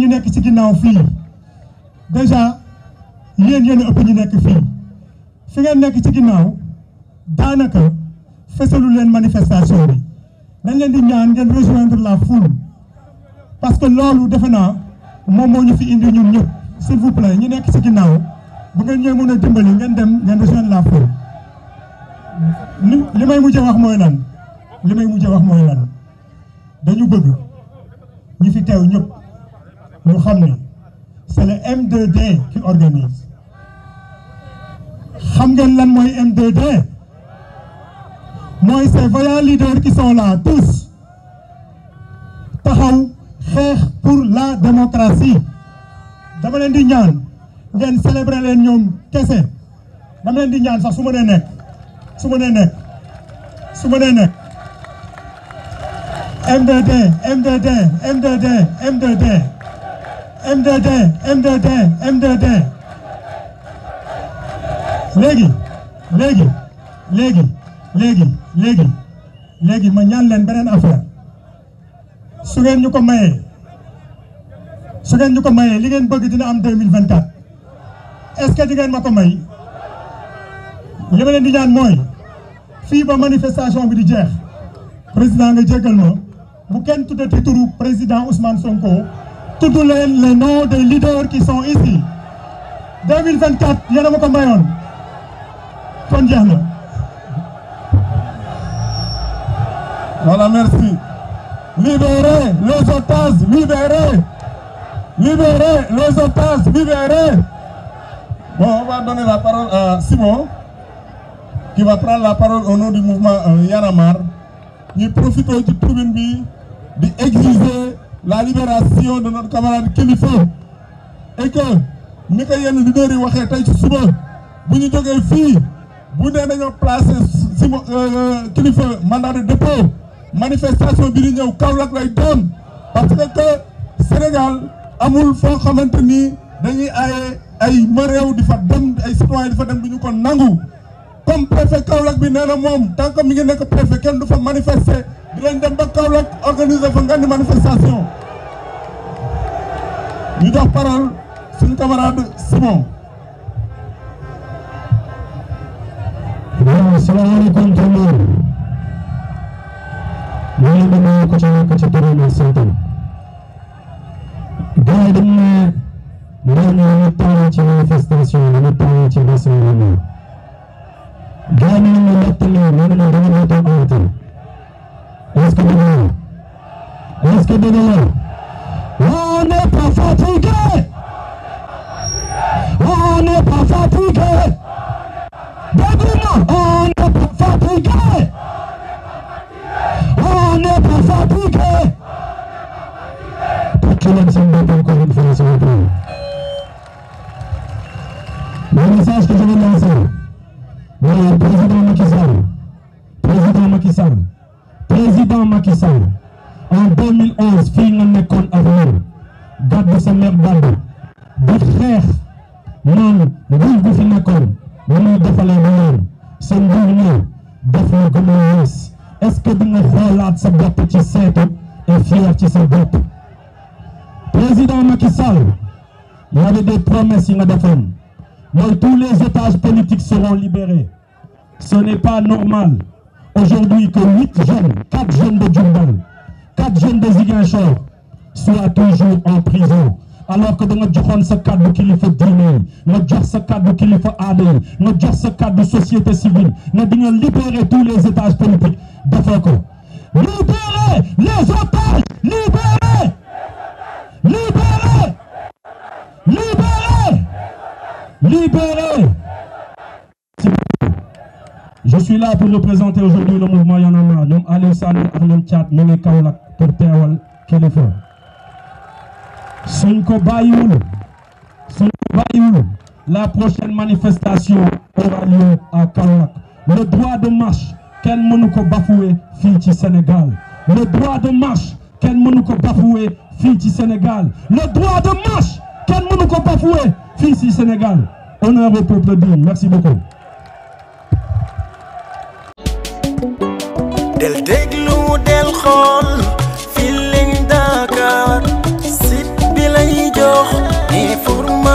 ñu nekk ci ginnaaw fii déjà yéen yéen ëpp ñu nekk fii fi ngeen nekk ci ginnaaw daanaka fesalu leen manifestation bi dañ leen di ñaan ngeen rejoindre la foule parce que loolu defe naa moom moo ñu fi indi ñun ñëpp s'il vous plaît nekk ci ginnaaw bu ngeen ñëw mën a dimbali ngeen dem ngeen rejoindre la foule li may mujjee wax mooy lan li may mujjee wax mooy lan dañu bëgg ñu fi teew ñëpp ñu xam ne c'est le M2D qui organise xam ngeen lan mooy m 2 mooy ces voyants leaders ci sont là tous taxaw xeex pour la démocratie dama leen di ñaan ngeen célébrer leen ñoom kese dama leen di ñaan sax su ma nee nekk su ma nee nekk su ma nee nekk M2D m MDD MDD MDD léegi léegi léegi léegi léegi léegi ma ñaan leen beneen affaire su ngeen ñu ko mayee su ñu ko mayee li ngeen bëgg dina am 2024 est-ce que di ngeen ma ko may li leen di ñaan mooy fii ba manifestation bi di jeex président nga jéggal ma bu kenn tuddati turu président Ousmane Sonko tudd leen les noms des leaders qui sont ici 2024 yéen a ma ko mayoon kon jeex na voilà merci libérez les otages libérez libérez les otages libérez bon on va donner la parole à Simon qui va prendre la parole au nom du mouvement euh, Yanamar ñu profité ci tribune bi di exiger la libération de notre camarade Kilifeu et que ni ko yenn leaders yi waxee tey ci suba bu ñu jógee fii bu nee dañoo placé si euh, euh, Kilifeu mandat de dépôt manifestation bi di ñëw Kaolack lay doon parce que que Sénégal amul foo xamante ni dañuy aaye ay maréew di fa dem ay citoyen di fa dem du ñu ko nangu comme préfet Kaolack bi nee na moom tant que mi ngi nekk préfet kenn du fa manifester dinañ dem ba Kaolack organiser fa ngandi manifestation ñu jox parole suñu camarade Simon. waaw salaamaaleykum tout le monde. ñu ngi demee ko ci ko ci turam ak santam. gars ci manifestation bi ñu ci rassemblement. gars yi ñu ngi laajte ne te dëgëral on n'est pas fatigué on n'est pas fatigué dégg nga on n'est pas fatigué on n'est pas fatigué takk leen seen bopp encore une fois s'il vous plaît le message que je vais lancer mooy président Macky Sall président Macky Sall président Macky Sall 2011 fii nga nekkoon ak ñun gàddu sa mer gàddu di xeex naan gu fi nekkoon lu muy defalee ba sa nguur def na gën est-ce que di nga xoolaat sa bopp ci seetu et fier ci sa bopp président Macky Sall y des promesses yi nga defoon mooy tous les otages politiques seront libérés ce n'est pas normal aujourd'hui que jeunes quatre jeunes de Diourbel quatre jeunes de Ziguinchor soit toujours en prison alors que da nga joxoon sa kàddu kilifa diine nga jox sa kàddu kilifa aada société civile nga di nga tous les étages politiques defoo ko libérer les otages libérer libérer libérer je suis là pour représenter aujourd'hui le mouvement Y'en a marre ñoom Aliou Sané ak ñoom Thiat ñu ngi pour teewal kilifa suñ ko bàyyiwul suñ ko bàyyiwul la prochaine manifestation aura lieu à Kaolack le droit de marche kenn mënu ko bafoué fii ci Sénégal le droit de marche kenn mënu ko bafoué fii ci Sénégal le droit de marche kenn mënu ko bafoué fii ci Sénégal honneur au peuple digne merci beaucoup del déglu del xool